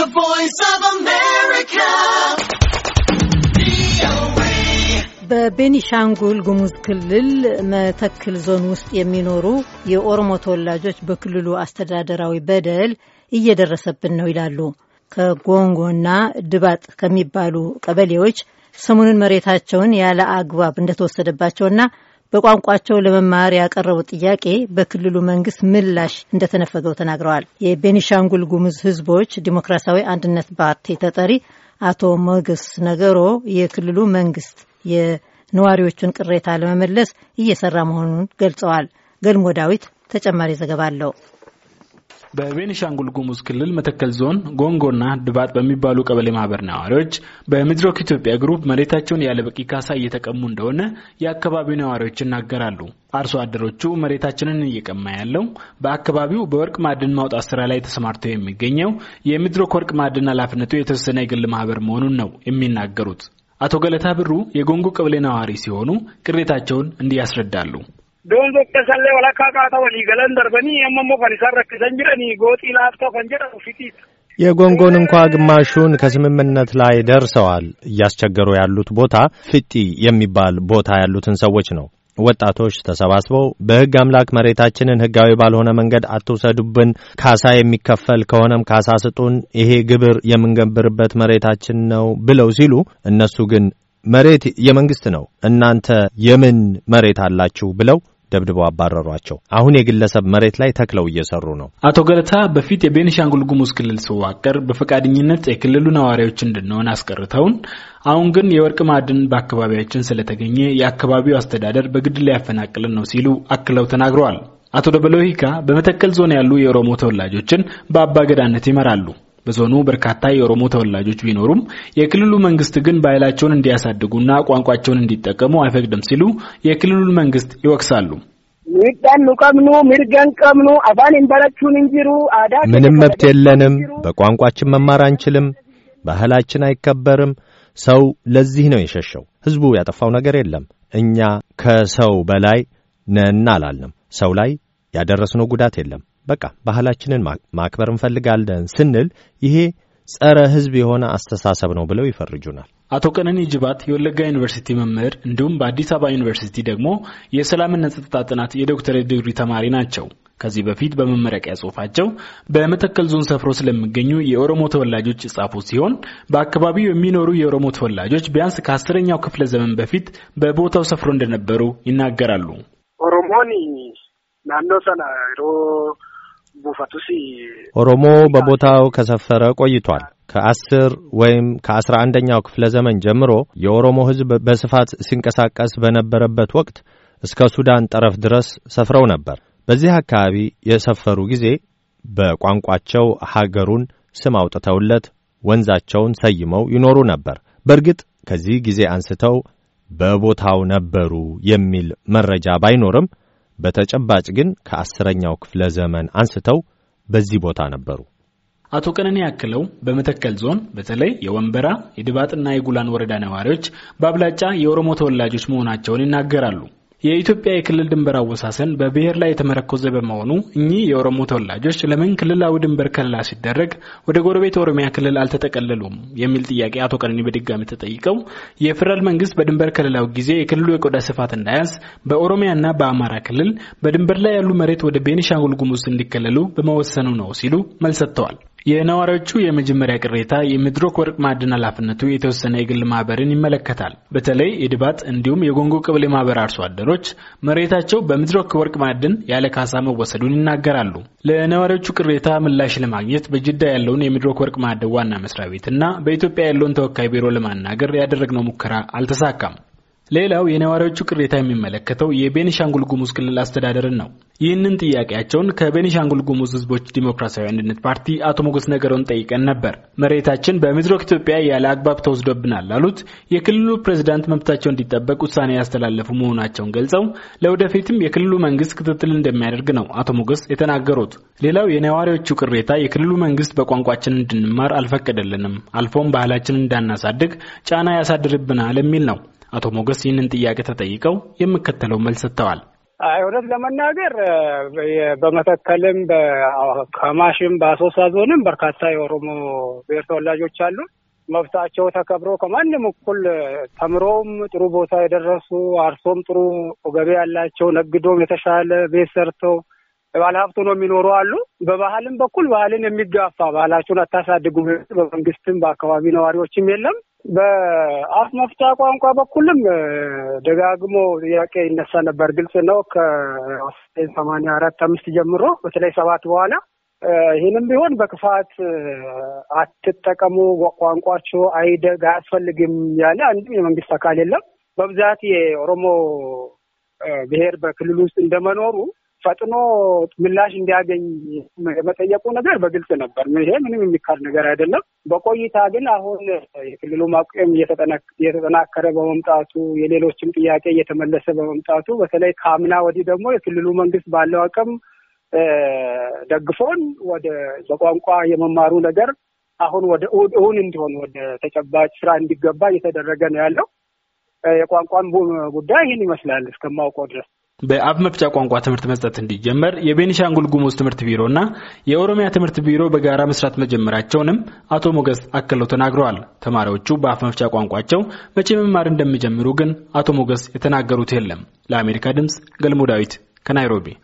The Voice of America. በቤኒሻንጉል ጉሙዝ ክልል መተክል ዞን ውስጥ የሚኖሩ የኦሮሞ ተወላጆች በክልሉ አስተዳደራዊ በደል እየደረሰብን ነው ይላሉ። ከጎንጎና ድባጥ ከሚባሉ ቀበሌዎች ሰሞኑን መሬታቸውን ያለ አግባብ እንደተወሰደባቸውና በቋንቋቸው ለመማር ያቀረቡት ጥያቄ በክልሉ መንግስት ምላሽ እንደተነፈገው ተናግረዋል። የቤኒሻንጉል ጉሙዝ ህዝቦች ዲሞክራሲያዊ አንድነት ፓርቲ ተጠሪ አቶ ሞገስ ነገሮ የክልሉ መንግስት የነዋሪዎቹን ቅሬታ ለመመለስ እየሰራ መሆኑን ገልጸዋል። ገልሞ ዳዊት ተጨማሪ ዘገባ አለው። በቤኒሻንጉል ጉሙዝ ክልል መተከል ዞን ጎንጎና ድባጥ በሚባሉ ቀበሌ ማህበር ነዋሪዎች በሚድሮክ ኢትዮጵያ ግሩፕ መሬታቸውን ያለ በቂ ካሳ እየተቀሙ እንደሆነ የአካባቢው ነዋሪዎች ይናገራሉ። አርሶ አደሮቹ መሬታችንን እየቀማ ያለው በአካባቢው በወርቅ ማዕድን ማውጣት ስራ ላይ ተሰማርተው የሚገኘው የሚድሮክ ወርቅ ማዕድን ኃላፊነቱ የተወሰነ የግል ማህበር መሆኑን ነው የሚናገሩት። አቶ ገለታ ብሩ የጎንጎ ቀበሌ ነዋሪ ሲሆኑ ቅሬታቸውን እንዲህ ያስረዳሉ። doongoqqe sallee walakkaa walii galan darbanii amma immoo kan isaan rakkisan jiranii gootii laaftoo kan jedhamu fitiisa. የጎንጎን እንኳ ግማሹን ከስምምነት ላይ ደርሰዋል። እያስቸገሩ ያሉት ቦታ ፍጢ የሚባል ቦታ ያሉትን ሰዎች ነው። ወጣቶች ተሰባስበው በሕግ አምላክ መሬታችንን ሕጋዊ ባልሆነ መንገድ አትውሰዱብን፣ ካሳ የሚከፈል ከሆነም ካሳ ስጡን፣ ይሄ ግብር የምንገብርበት መሬታችን ነው ብለው ሲሉ እነሱ ግን መሬት የመንግስት ነው እናንተ የምን መሬት አላችሁ ብለው ደብድበው አባረሯቸው። አሁን የግለሰብ መሬት ላይ ተክለው እየሰሩ ነው። አቶ ገለታ በፊት የቤኒሻንጉል ጉሙዝ ክልል ሲዋቀር በፈቃደኝነት የክልሉ ነዋሪዎች እንድንሆን አስቀርተውን፣ አሁን ግን የወርቅ ማዕድን በአካባቢያችን ስለተገኘ የአካባቢው አስተዳደር በግድ ሊያፈናቅልን ነው ሲሉ አክለው ተናግረዋል። አቶ ደበሎ ሂካ በመተከል ዞን ያሉ የኦሮሞ ተወላጆችን በአባገዳነት ይመራሉ። በዞኑ በርካታ የኦሮሞ ተወላጆች ቢኖሩም የክልሉ መንግስት ግን ባህላቸውን እንዲያሳድጉና ቋንቋቸውን እንዲጠቀሙ አይፈቅድም ሲሉ የክልሉን መንግስት ይወቅሳሉ። ምንም መብት የለንም፣ በቋንቋችን መማር አንችልም፣ ባህላችን አይከበርም። ሰው ለዚህ ነው የሸሸው። ህዝቡ ያጠፋው ነገር የለም። እኛ ከሰው በላይ ነን አላልንም። ሰው ላይ ያደረስነው ጉዳት የለም። በቃ ባህላችንን ማክበር እንፈልጋለን ስንል ይሄ ጸረ ህዝብ የሆነ አስተሳሰብ ነው ብለው ይፈርጁናል። አቶ ቀነኒ ጅባት የወለጋ ዩኒቨርሲቲ መምህር እንዲሁም በአዲስ አበባ ዩኒቨርሲቲ ደግሞ የሰላምና ጸጥታ ጥናት የዶክተሬት ዲግሪ ተማሪ ናቸው። ከዚህ በፊት በመመረቂያ ጽሁፋቸው በመተከል ዞን ሰፍሮ ስለሚገኙ የኦሮሞ ተወላጆች የጻፉ ሲሆን በአካባቢው የሚኖሩ የኦሮሞ ተወላጆች ቢያንስ ከአስረኛው ክፍለ ዘመን በፊት በቦታው ሰፍሮ እንደነበሩ ይናገራሉ። ኦሮሞኒ ናኖ ሰና ኦሮሞ በቦታው ከሰፈረ ቆይቷል። ከአስር ወይም ከአስራ አንደኛው ክፍለ ዘመን ጀምሮ የኦሮሞ ህዝብ በስፋት ሲንቀሳቀስ በነበረበት ወቅት እስከ ሱዳን ጠረፍ ድረስ ሰፍረው ነበር። በዚህ አካባቢ የሰፈሩ ጊዜ በቋንቋቸው ሀገሩን ስም አውጥተውለት ወንዛቸውን ሰይመው ይኖሩ ነበር። በእርግጥ ከዚህ ጊዜ አንስተው በቦታው ነበሩ የሚል መረጃ ባይኖርም በተጨባጭ ግን ከአስረኛው ክፍለ ዘመን አንስተው በዚህ ቦታ ነበሩ። አቶ ቀነኔ ያክለው በመተከል ዞን በተለይ የወንበራ የድባጥና የጉላን ወረዳ ነዋሪዎች በአብላጫ የኦሮሞ ተወላጆች መሆናቸውን ይናገራሉ። የኢትዮጵያ የክልል ድንበር አወሳሰን በብሔር ላይ የተመረኮዘ በመሆኑ እኚህ የኦሮሞ ተወላጆች ለምን ክልላዊ ድንበር ከለላ ሲደረግ ወደ ጎረቤት ኦሮሚያ ክልል አልተጠቀለሉም የሚል ጥያቄ አቶ ቀነኒ በድጋሚ ተጠይቀው የፌደራል መንግስት በድንበር ከለላው ጊዜ የክልሉ የቆዳ ስፋት እንዳያዝ በኦሮሚያና በአማራ ክልል በድንበር ላይ ያሉ መሬት ወደ ቤኒሻንጉል ጉሙዝ እንዲከለሉ በመወሰኑ ነው ሲሉ መልስ ሰጥተዋል። የነዋሪዎቹ የመጀመሪያ ቅሬታ የምድሮክ ወርቅ ማዕድን ኃላፊነቱ የተወሰነ የግል ማህበርን ይመለከታል። በተለይ የድባት እንዲሁም የጎንጎ ቀበሌ ማህበር አርሶ አደሮች መሬታቸው በምድሮክ ወርቅ ማዕድን ያለ ካሳ መወሰዱን ይናገራሉ። ለነዋሪዎቹ ቅሬታ ምላሽ ለማግኘት በጅዳ ያለውን የምድሮክ ወርቅ ማዕድን ዋና መስሪያ ቤት እና በኢትዮጵያ ያለውን ተወካይ ቢሮ ለማናገር ያደረግነው ሙከራ አልተሳካም። ሌላው የነዋሪዎቹ ቅሬታ የሚመለከተው የቤኒሻንጉል ጉሙዝ ክልል አስተዳደርን ነው። ይህንን ጥያቄያቸውን ከቤኒሻንጉል ጉሙዝ ህዝቦች ዲሞክራሲያዊ አንድነት ፓርቲ አቶ ሞገስ ነገረውን ጠይቀን ነበር። መሬታችን በምስራቅ ኢትዮጵያ ያለ አግባብ ተወስዶብናል ላሉት የክልሉ ፕሬዝዳንት መብታቸው እንዲጠበቅ ውሳኔ ያስተላለፉ መሆናቸውን ገልጸው ለወደፊትም የክልሉ መንግስት ክትትል እንደሚያደርግ ነው አቶ ሞገስ የተናገሩት። ሌላው የነዋሪዎቹ ቅሬታ የክልሉ መንግስት በቋንቋችን እንድንማር አልፈቀደልንም፣ አልፎም ባህላችን እንዳናሳድግ ጫና ያሳድርብናል የሚል ነው። አቶ ሞገስ ይህንን ጥያቄ ተጠይቀው የሚከተለው መልስ ሰጥተዋል። እውነት ለመናገር በመተከልም በከማሽም በአሶሳ ዞንም በርካታ የኦሮሞ ብሔር ተወላጆች አሉ። መብታቸው ተከብሮ ከማንም እኩል ተምሮም ጥሩ ቦታ የደረሱ አርሶም ጥሩ ገቢ ያላቸው ነግዶም የተሻለ ቤት ሰርተው ባለ ሀብቱ ነው የሚኖሩ አሉ። በባህልም በኩል ባህልን የሚጋፋ ባህላችሁን አታሳድጉ በመንግስትም በአካባቢ ነዋሪዎችም የለም። በአፍ መፍቻ ቋንቋ በኩልም ደጋግሞ ጥያቄ ይነሳ ነበር። ግልጽ ነው። ከአስራዘጠኝ ሰማንያ አራት አምስት ጀምሮ በተለይ ሰባት በኋላ ይህንም ቢሆን በክፋት አትጠቀሙ፣ ቋንቋችሁ አይደግ አያስፈልግም ያለ አንድም የመንግስት አካል የለም። በብዛት የኦሮሞ ብሔር በክልል ውስጥ እንደመኖሩ ፈጥኖ ምላሽ እንዲያገኝ የመጠየቁ ነገር በግልጽ ነበር። ይሄ ምንም የሚካድ ነገር አይደለም። በቆይታ ግን አሁን የክልሉ ማቆም እየተጠናከረ በመምጣቱ የሌሎችም ጥያቄ እየተመለሰ በመምጣቱ በተለይ ከአምና ወዲህ ደግሞ የክልሉ መንግስት ባለው አቅም ደግፎን ወደ በቋንቋ የመማሩ ነገር አሁን ወደ እውን እንዲሆን ወደ ተጨባጭ ስራ እንዲገባ እየተደረገ ነው ያለው። የቋንቋን ጉዳይ ይህን ይመስላል እስከማውቀው ድረስ። በአፍ መፍቻ ቋንቋ ትምህርት መስጠት እንዲጀመር የቤኒሻንጉል ጉሙዝ ትምህርት ቢሮና የኦሮሚያ ትምህርት ቢሮ በጋራ መስራት መጀመራቸውንም አቶ ሞገስ አክለው ተናግረዋል። ተማሪዎቹ በአፍ መፍቻ ቋንቋቸው መቼ መማር እንደሚጀምሩ ግን አቶ ሞገስ የተናገሩት የለም። ለአሜሪካ ድምፅ ገልሞ ዳዊት ከናይሮቢ